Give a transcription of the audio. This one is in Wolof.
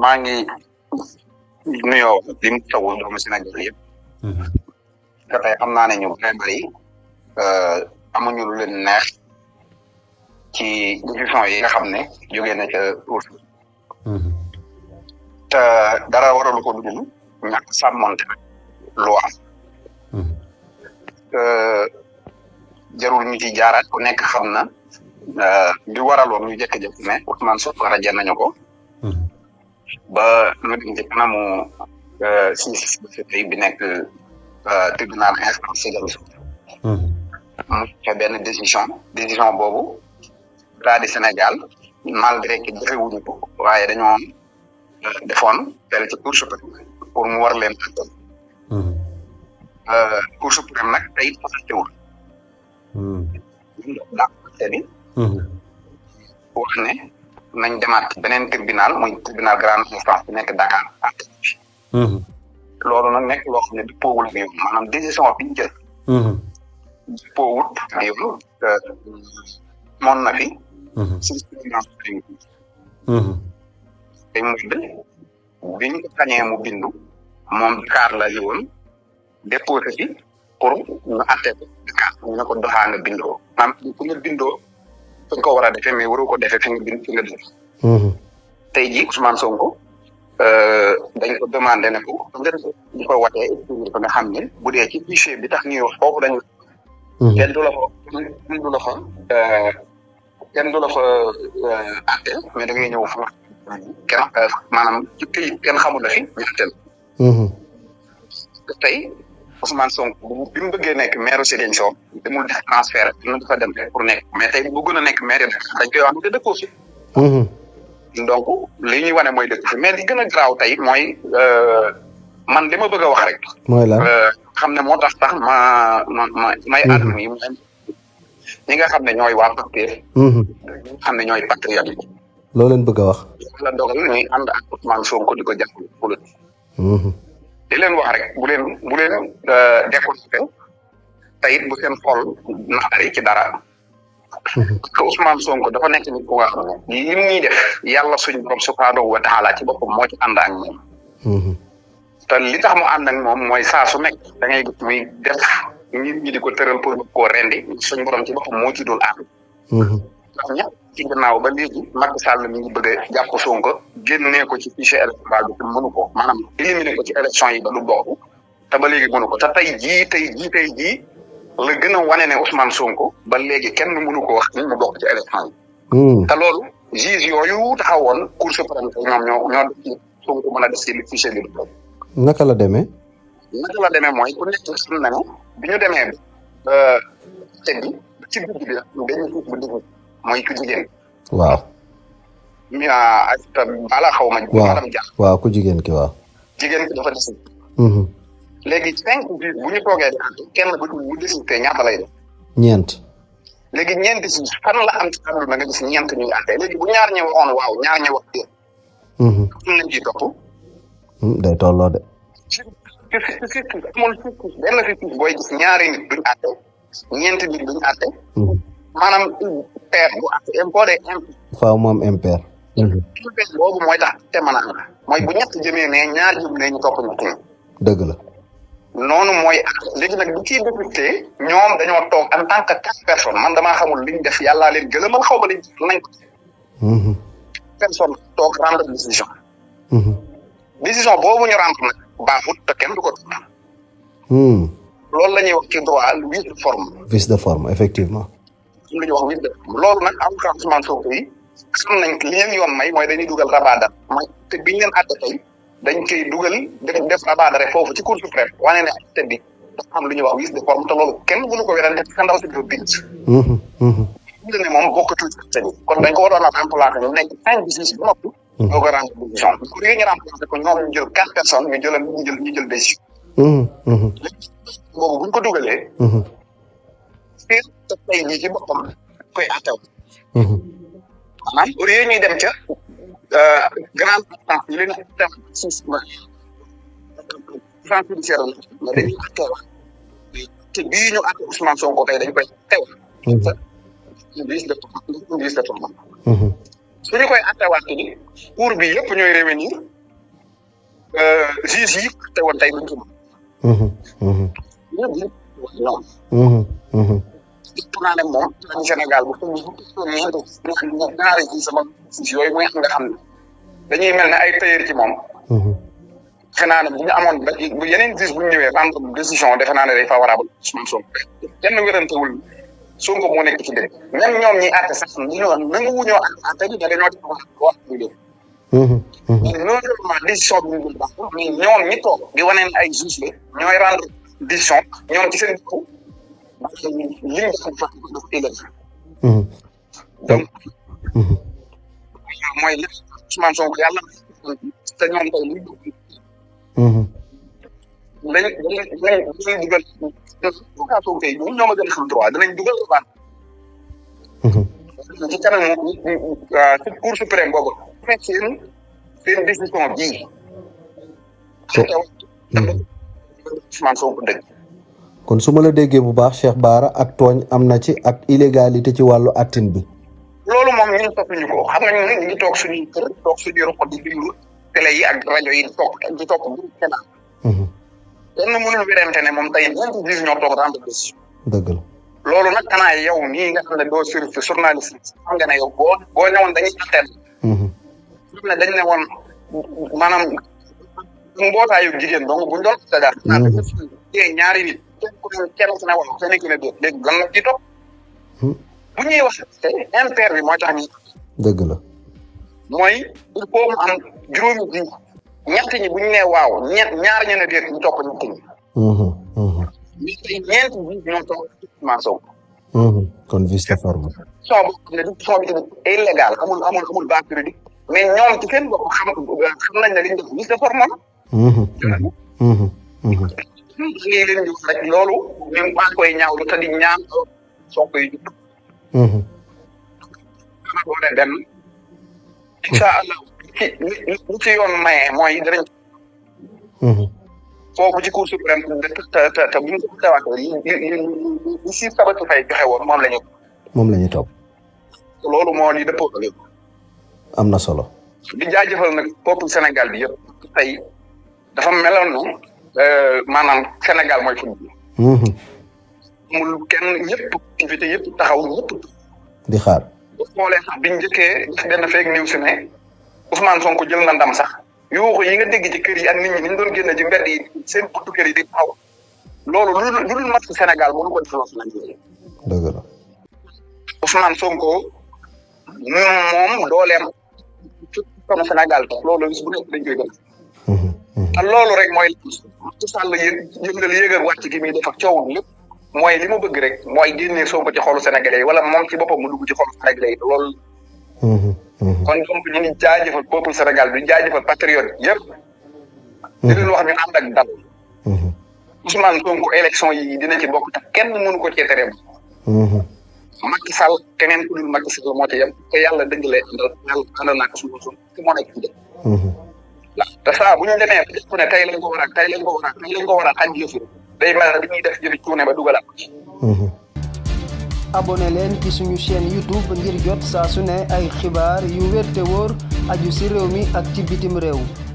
maa ngi nuyoo lim tawul doomu Sénégal yëpp. te mhm. tey xam naa ne ñu bëree bëri euh, amuñu lu leen neex ci décision yi nga xam ne jógee na ca tuur. Mhm. te dara waralu ko dugg ñàkk sàmmonte am. Mhm. Euh, jarul ñu ci jaaraat ku nekk xam na. di euh, waraloon ñu jékki-jékki ne Ousmane Sonko rajo nañu ko. Hmm. ba ñu ngi euh, ci kanamu si si si bi nekk euh, tribunal instance de hmm. mu joxe benn décision décision boobu état du Sénégal malgré que jëfewuñu ko waaye dañoo defoon tel ci cour suprême pour mu war leen àttal. Hmm. cour suprême nag tey it passé wul. wax nañ demaat beneen tribunal muy tribunal grande instance nekk Dakar àtte nekk loo xam ne na fi jurisprudence tey mu bindu moom pour ñu àtte ko ko doxaa bindoo maanaam ku bindoo fi ko war a defee mi waroo ko defee fi nga fi tey ji Ousmane Sonko euh, dañ ko demandé ne ko nga ñu ko watee ba nga xam ne bu dee ci fichier bi tax ñuy wax foofu dañu. kenn du la fa kenn du la fa euh, euh, mais da ngay ñëw fa kenn maanaam ci këyit kenn xamul la fi ñu àtteel. Ousmane Sonko bi mu bëggee nekk maire Ziguinchor demul dem pour nekk mais tey bu bëggoon a nekk maire dañ koy ni da dëkkoo li ñuy wane mooy dëkk mais li gën a garaaw tey mooy euh, man li ma bëgg a wax rek la euh, xam ne moo tax tax ma ma ma may mhm. àdduna yi ñi nga xam ne ñooy waa Pastef mhm. xam ne ñooy patriote yi loo leen bëgg a wax la dogal ñuy ànd ak Ousmane Sonko di ko jàppale di leen wax rek bu leen bu leen euh, découragé te it bu seen xol naqari ci dara. Mhm. parce que Sonko dafa nekk nit ku nga xam ne lim ñuy def yàlla suñu borom subhaanahu wa taala ci boppam moo ci ànd ak moom. Mhm. te li tax mu ànd moom mooy saa su nekk da ngay gis muy def nit ñi di ko tëral pour koo rendi suñu borom ci boppam moo ci dul ànd. Mhm. ndax ñëpp ci ginnaaw ba léegi Macky Sall mi ngi bëgg a jàpp génn génnee ko ci fichier électoral bi te mënu ko maanaam éliminer ko ci élection yi ba du bokk te ba léegi mënu ko te tey jii tey jii tey jii la gën a wane ne Ousmane Sonko ba léegi kenn mënu ko wax ni mu bokk ci élection hmm. te loolu juge yooyu taxawoon Cour suprême tey ñoom ñoo ñoo def ci mën a def ci fichier bi. naka la demee. naka la demee mooy ku nekk xam na bi ñu demee te euh, bi ci guddi bi dañuy suuf bu déglu. mooy ku jigéen. waaw. mi ah ala xaw ma. waaw waaw ku jigéen ki waaw. jigéen ki dafa desul. Mm-hmm. léegi cinq bi bu ñu toogee kenn bu bu desul te ñaata lay ñeent. léegi ñeent si fan la am ci àdduna nga gis ñeent ñu ngi léegi bu ñaar ñi waxoon waaw ñaar ñi wax déet. Mm-hmm. am nañ mm, tolloo de. ci ci ci ci benn ci booy gis ñaari nit duñ àtte ñeenti nit duñ àtte. maanaam impair bu ak impôt de faaw mu mhm. boobu mooy tax te mën a am mooy bu ñett jëmee ne ñaar jëm ne ñu topp ñett ñi dëgg la noonu mooy léegi nag bu ciy député ñoom dañoo toog en tant que quatre personnes man damaa xamul liñ def yàllaa leen gën a mën xaw nañ ko mhm. personne toog rendre décision mhm. décision boobu ñu rendre nag baaxut te kenn du ko loolu la ñuy wax ci droit vice de forme vice de forme effectivement lu ñuy wax witt loolu nag avocat Ousmane Sonko yi xam nañ li yoon may mooy dañuy dugal rabaada mooy te biñ leen àtte tey dañ koy dugal def def rabaada rek foofu ci cour suprême wane ne àtte bi dafa am lu ñuy wax witt de forme te loolu kenn mënu ko wéral def sa ndaw si dafa bind. bind ne moom bokkatu ci kon dañ ko waroon a remplacé ñu nekk cinq justice ba noppi. ñoo mhm. ko rendre décision bu ko ñu remplacé ko ñoom ñu jël quatre personnes mhm, mhm. buñ ko dugalee. structure te tey jii ci boppam koy attew maanaam au lieu ñuy dem ca grande ñu dem suuf ba centre judiciaire la dañuy attewaat te bii ñu atte Ousmane Sonko tey dañ koy teew indice koy attewaat ni cour bi yëpp ñooy revenir juge yi te woon tey duñ ko mën ñoom pourtant nag a suñu Sénégal bu fekkee bu daara ji sama yooyu mooy nga xam dañuy mel ne ay tailleur ci moom. Mhm. defe naa bu ñu amoon ba yeneen gis bu ñu ñëwee rendre décision defe naa ne day favorable Ousmane Sonko kenn wérantewul Sonko moo nekk ci dëgg même ñoom ñi àtte sax ñu ñëw nangu wu ñoo àtte bi ne dañoo def wax wax ñu dégg. Mhm. Mhm. mais non seulement décision bi ñu jël baaxul mais ñoom ñi toog di wane ay juge la ñooy rendre décision ñoom ci seen bopp. donc mm-hmm. mm-hmm. mooy lépp Ousmane Sonko yàlla te ñoom tey lu ñu danañ danañ danañ dugal vocation tey ñun ñoo ma gën a xam droit danañ dugal ban. Mm-hmm. ci kanam ci cour suprême boobu. fekk seen seen décision bii. Ousmane Sonko dëgg. kon su ma la déggee bu baax Cheikh Bara ak tooñ am na ci ak illégalité ci wàllu attin bi. loolu moom ñun toppuñu ko xam nga ñu toog suñuy kër toog suñuy ruq di déglu yi ak rajo yi took topp di topp di xelal. kenn mhm. ne moom tey ñeenti gis ñoo loolu nag xanaa yow nii nga xam ne doo surfi journaliste xam nga ne yow boo boo ñëwoon dañuy attel. Mhm. xam dañ ne woon maanaam mbootaayu jigéen donc buñ doon attel kenn ku na kenn ku ne waaw kenn ku ne déet léegi lan la ci topp. bu ñuy wax te impair bi moo dëgg la. mooy il juróomi ji ñi buñ ne waw ñett ñaar ñu ne déet ñu topp ñett ñi. mais tey ñeent ji kon vice de forme. bi tamit illégal amul amul amul base juridique mais ñoom ci seen xam nañ ne li ñu def vice de forme la. li loolu même maa ngi koy ñaawlu ta di ñaan soo koy jub. dana doone ci li ci yoon maye mooy danañ. Mhm. moom la ñu. moom la loolu moo di dëppoo am na solo. di jaajëfal nag peuple Sénégal bi yëpp dafa meloon na. Euh, maanaam Sénégal mooy foot bi. Mhm. amul kenn ñëpp invité taxaw ñëpp. di xaar. boo xoolee sax biñ njëkkee dana feeg niw si ne Ousmane Sonko jël na ndam sax yoo yi nga dégg ci kër yi ak nit ñi ni doon génn ci mbedd yi seen buntu kër yi di taxaw loolu lu dul match Sénégal mënu ko defal Ousmane Sonko. dëgg la. Ousmane Sonko moom dooleem comme Sénégal koy gën. Mhm, mhm. loolu rek mooy. Macky Sall yéen yëngal yéegal wàcc gi muy def ak coowul lépp mooy li ma bëgg rek mooy génnee Sonko ci xoolu Sénégalais yi wala moom ci boppam mu dugg ci xolu Sénégalais yi loolu. Mm-hmm. kon donc ñu ngi jaajëfal peuple Sénégal du jaajëfal patriote yëpp. di wax ñu ànd ak dal. Mm-hmm. Ousmane Sonko élection yi dina ci bokk te kenn mënu ko cee teree mm-hmm. Sall keneen ku dul Macky moo ci yem te yàlla dëgg la yàlla ànd naa ko suñu boppam te moo nekk ci te saa bu ku ne tey lañ ko war a tey lañ ko war lañ ko war a xañ yëf day mel ni ñuy def jëfi cuune ba dugalaat mhm. abonné leen ci suñu chaîne YouTube ngir jot saa su ne ay xibaar yu wér te wóor aju ci réew mi ak ci bitim réew